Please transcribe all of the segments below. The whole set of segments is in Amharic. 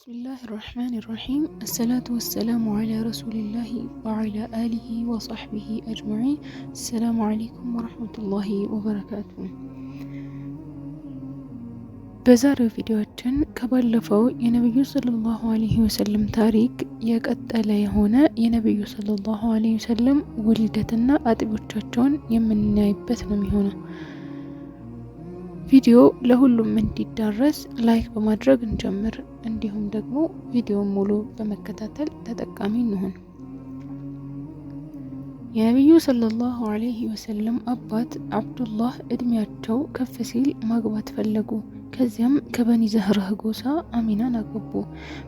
ብስሚላህ ራህማን ራሒም አሰላቱ ወሰላሙ ዓላ ረሱሊላሂ ወዓላ አሊሂ ወሳሕቢሂ አጅማዒን። አሰላሙ ዓለይኩም ወረሕመቱላሂ ወበረካቱ። በዛሬው ቪዲዮችን ከባለፈው የነቢዩ ሰለላሁ አለይሂ ወሰለም ታሪክ የቀጠለ የሆነ የነቢዩ ሰለላሁ አለይሂ ወሰለም ውልደትና አጥቢዎቻቸውን የምናይበት ነው የሚሆነው። ቪዲዮ ለሁሉም እንዲዳረስ ላይክ በማድረግ እንጀምር። እንዲሁም ደግሞ ቪዲዮን ሙሉ በመከታተል ተጠቃሚ እንሆን። የነቢዩ ሰለላሁ አለይሂ ወሰለም አባት አብዱላህ እድሜያቸው ከፍ ሲል ማግባት ፈለጉ። ከዚያም ከበኒ ዘህራህ ጎሳ አሚናን አገቡ።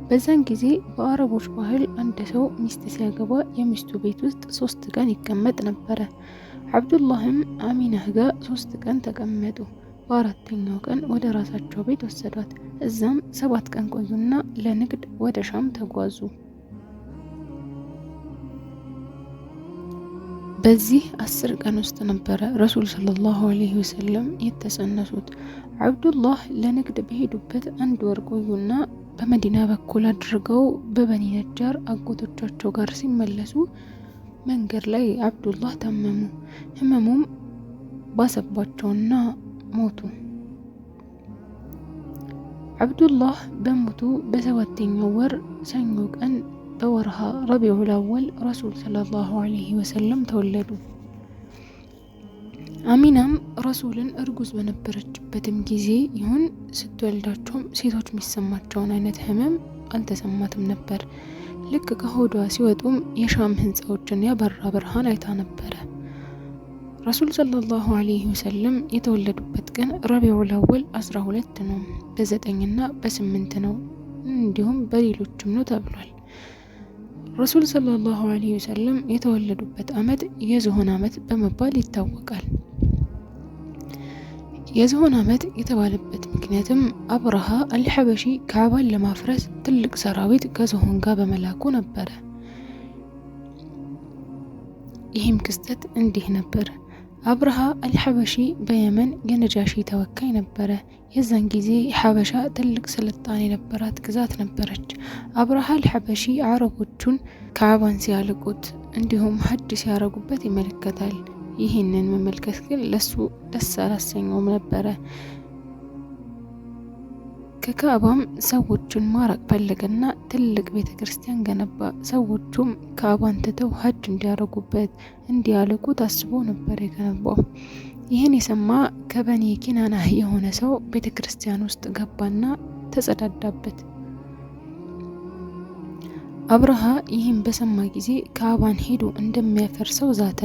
በዛን ጊዜ በአረቦች ባህል አንድ ሰው ሚስት ሲያገባ የሚስቱ ቤት ውስጥ ሶስት ቀን ይቀመጥ ነበረ። አብዱላህም አሚናህ ጋር ሶስት ቀን ተቀመጡ። በአራተኛው ቀን ወደ ራሳቸው ቤት ወሰዷት። እዛም ሰባት ቀን ቆዩና ለንግድ ወደ ሻም ተጓዙ። በዚህ አስር ቀን ውስጥ ነበረ ረሱል ሰለላሁ አለይሂ ወሰለም የተጸነሱት። አብዱላህ ለንግድ በሄዱበት አንድ ወር ቆዩና በመዲና በኩል አድርገው በበኒ ነጃር አጎቶቻቸው ጋር ሲመለሱ መንገድ ላይ አብዱላህ ታመሙ። ህመሙም ባሰባቸውና ሞቱ። ዐብዱላህ በሞቱ በሰባተኛው ወር ሰኞ ቀን በወርሃ ረቢዑል አወል ረሱል ሰለላሁ ዐለይሂ ወሰለም ተወለዱ። አሚናም ረሱልን እርጉዝ በነበረችበትም ጊዜ ይሁን ስትወልዳቸውም ሴቶች የሚሰማቸውን አይነት ህመም አልተሰማትም ነበር። ልክ ከሆዷ ሲወጡም የሻም ህንፃዎችን ያበራ ብርሃን አይታ ነበረ። ረሱል ሰለላሁ አለይሂ ወሰለም የተወለዱበት ቀን ረቢዑል አወል 12 ነው፣ በዘጠኝና በስምንት ነው እንዲሁም በሌሎችም ነው ተብሏል። ረሱል ሰለላሁ አለይሂ ወሰለም የተወለዱበት አመት የዝሆን አመት በመባል ይታወቃል። የዝሆን አመት የተባለበት ምክንያትም አብረሃ አልሐበሺ ካዕባን ለማፍረስ ትልቅ ሰራዊት ከዝሆን ጋር በመላኩ ነበረ። ይህም ክስተት እንዲህ ነበር። አብርሃ አልሐበሺ በየመን የነጃሺ ተወካይ ነበረ። የዛን ጊዜ ሐበሻ ትልቅ ስልጣን የነበራት ግዛት ነበረች። አብርሃ አልሐበሺ አረቦቹን ከአባን ሲያልቁት እንዲሁም ሀጅ ሲያረጉበት ይመለከታል። ይህንን መመልከት ግን ለሱ ደስ አላሰኘውም ነበረ። ከካዕባም ሰዎቹን ማራቅ ፈለገና ትልቅ ቤተ ክርስቲያን ገነባ። ሰዎቹም ካዕባን ትተው ሀጅ እንዲያደርጉበት እንዲያልቁ ታስቦ ነበር የገነባው። ይህን የሰማ ከበኒ ኪናናህ የሆነ ሰው ቤተ ክርስቲያን ውስጥ ገባና ተጸዳዳበት። አብርሃ ይህን በሰማ ጊዜ ካዕባን ሄዶ እንደሚያፈርሰው ዛተ።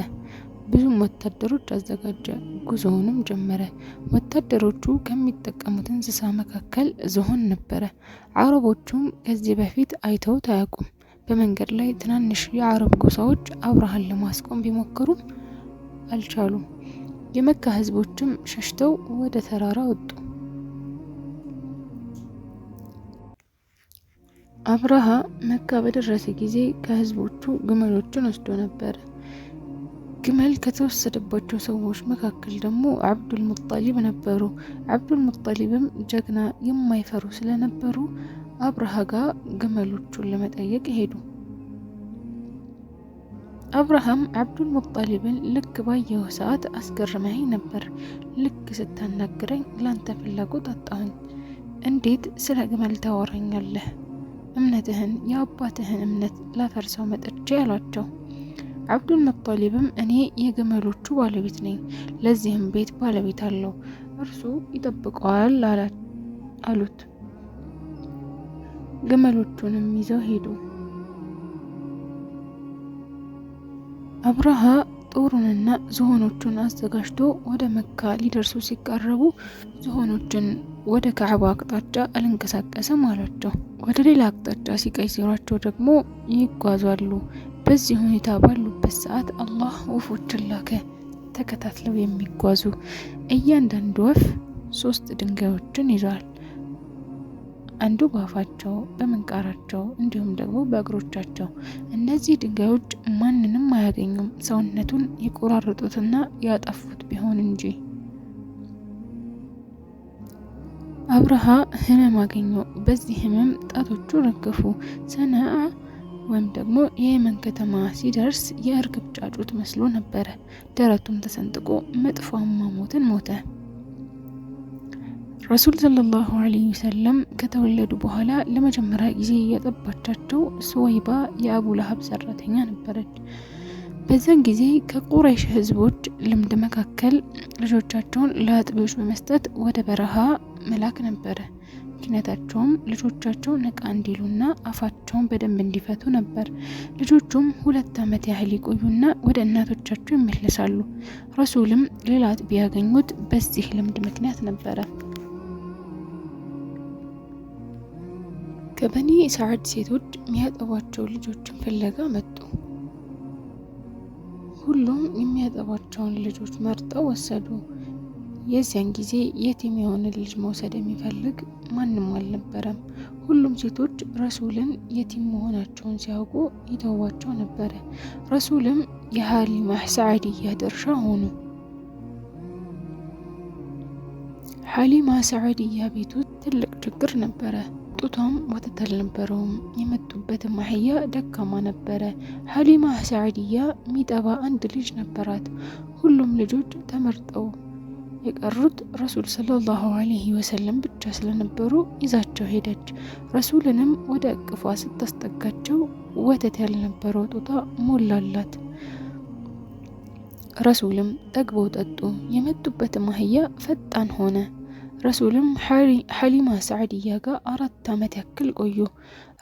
ብዙም ወታደሮች አዘጋጀ። ጉዞውንም ጀመረ። ወታደሮቹ ከሚጠቀሙት እንስሳ መካከል ዝሆን ነበረ። አረቦቹም ከዚህ በፊት አይተውት አያውቁም። በመንገድ ላይ ትናንሽ የአረብ ጎሳዎች አብርሃን ለማስቆም ቢሞክሩም አልቻሉም። የመካ ህዝቦችም ሸሽተው ወደ ተራራ ወጡ። አብርሃ መካ በደረሰ ጊዜ ከህዝቦቹ ግመሎችን ወስዶ ነበር። ግመል ከተወሰደባቸው ሰዎች መካከል ደግሞ አብዱል ሙጣሊብ ነበሩ። አብዱል ሙጣሊብም ጀግና የማይፈሩ ስለነበሩ አብርሃ ጋር ግመሎቹን ለመጠየቅ ሄዱ። አብርሃም አብዱል ሙጣሊብን ልክ ባየው ሰዓት አስገርመኝ ነበር። ልክ ስታናግረኝ ላንተ ፍላጎት አጣሁኝ። እንዴት ስለ ግመል ታወራኛለህ? እምነትህን የአባትህን እምነት ላፈርሰው መጥቼ አሏቸው። አብዱል መጣሊብም እኔ የግመሎቹ ባለቤት ነኝ፣ ለዚህም ቤት ባለቤት አለው፣ እርሱ ይጠብቀዋል አሉት። ግመሎቹንም ይዘው ሄዱ። አብረሃ ጦሩንና ዝሆኖቹን አዘጋጅቶ ወደ መካ ሊደርሱ ሲቃረቡ ዝሆኖችን ወደ ካዕባ አቅጣጫ አልንቀሳቀስም አሏቸው። ወደ ሌላ አቅጣጫ ሲቀይሯቸው ደግሞ ይጓዛሉ። በዚህ ሁኔታ ባሉ በሚሄዱበት ሰዓት አላህ ወፎችን ላከ። ተከታትለው የሚጓዙ እያንዳንዱ ወፍ ሶስት ድንጋዮችን ይዟል። አንዱ በአፋቸው በምንቃራቸው እንዲሁም ደግሞ በእግሮቻቸው። እነዚህ ድንጋዮች ማንንም አያገኙም ሰውነቱን የቆራረጡትና ያጠፉት ቢሆን እንጂ። አብርሃ ህመም አገኘው። በዚህ ህመም ጣቶቹ ረገፉ። ሰነአ ወይም ደግሞ የየመን ከተማ ሲደርስ የእርግብ ጫጩት መስሎ ነበረ። ደረቱም ተሰንጥቆ መጥፎ አሟሟትን ሞተ። ረሱል ሰለላሁ አለይሂ ወሰለም ከተወለዱ በኋላ ለመጀመሪያ ጊዜ ያጠባቻቸው ሱወይባ የአቡ ለሀብ ሰራተኛ ነበረች። በዚያን ጊዜ ከቁረይሽ ህዝቦች ልምድ መካከል ልጆቻቸውን ለአጥቢዎች በመስጠት ወደ በረሃ መላክ ነበረ። ምክንያታቸውም ልጆቻቸው ነቃ እንዲሉና አፋቸውን በደንብ እንዲፈቱ ነበር። ልጆቹም ሁለት ዓመት ያህል ይቆዩና ወደ እናቶቻቸው ይመለሳሉ። ረሱልም ሌላ አጥቢ ያገኙት በዚህ ልምድ ምክንያት ነበረ። ከበኒ ሳዕድ ሴቶች የሚያጠቧቸው ልጆችን ፍለጋ መጡ። ሁሉም የሚያጠቧቸውን ልጆች መርጠው ወሰዱ። የዚያን ጊዜ የቲም የሆነ ልጅ መውሰድ የሚፈልግ ማንም አልነበረም። ሁሉም ሴቶች ረሱልን የቲም መሆናቸውን ሲያውቁ ይተዋቸው ነበረ። ረሱልም የሀሊ ሰዓዲያ ድርሻ ሆኑ። ሀሊማ ሰዓዲያ ቤቱ ትልቅ ችግር ነበረ። ጡቷም ወተት አልነበረውም። የመጡበትም አህያ ደካማ ነበረ። ሀሊማ ሰዓዲያ ሚጠባ አንድ ልጅ ነበራት። ሁሉም ልጆች ተመርጠው የቀሩት ረሱል ሰለላሁ አለይህ ወሰለም ብቻ ስለነበሩ ይዛቸው ሄደች። ረሱልንም ወደ እቅፏ ስታስጠጋቸው ወተት ያልነበረው ጦታ ሞላላት። ረሱልም ጠግበው ጠጡ። የመጡበትም አህያ ፈጣን ሆነ። ረሱልም ሐሊማ ሳዕድያ ጋር አራት ዓመት ያክል ቆዩ።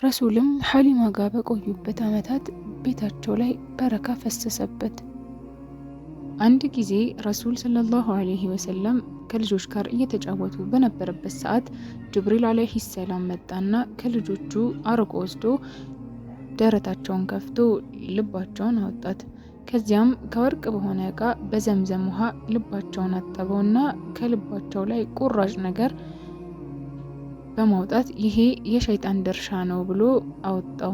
ረሱልም ሐሊማ ጋር በቆዩበት ዓመታት ቤታቸው ላይ በረካ ፈሰሰበት። አንድ ጊዜ ረሱል ሰለላሁ አለይሂ ወሰለም ከልጆች ጋር እየተጫወቱ በነበረበት ሰዓት ጅብሪል አለይሂ ሰላም መጣና ከልጆቹ አርቆ ወስዶ ደረታቸውን ከፍቶ ልባቸውን አወጣት። ከዚያም ከወርቅ በሆነ እቃ በዘምዘም ውሃ ልባቸውን አጠበውና ከልባቸው ላይ ቁራጭ ነገር በማውጣት ይሄ የሸይጣን ድርሻ ነው ብሎ አወጣው።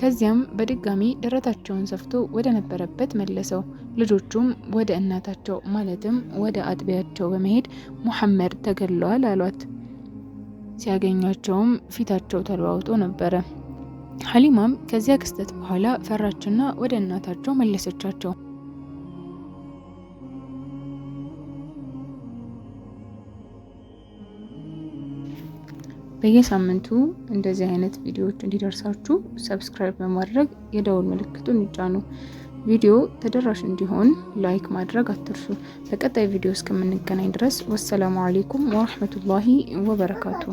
ከዚያም በድጋሚ ደረታቸውን ሰፍቶ ወደ ነበረበት መለሰው። ልጆቹም ወደ እናታቸው ማለትም ወደ አጥቢያቸው በመሄድ ሙሐመድ ተገለዋል አሏት። ሲያገኟቸውም ፊታቸው ተለዋውጦ ነበረ። ሀሊማም ከዚያ ክስተት በኋላ ፈራችና ወደ እናታቸው መለሰቻቸው። በየሳምንቱ እንደዚህ አይነት ቪዲዮዎች እንዲደርሳችሁ ሰብስክራይብ በማድረግ የደውል ምልክቱን ይጫኑ። ቪዲዮ ተደራሽ እንዲሆን ላይክ ማድረግ አትርሱ። በቀጣይ ቪዲዮ እስከምንገናኝ ድረስ ወሰላሙ አሌይኩም ወረህመቱላሂ ወበረካቱ።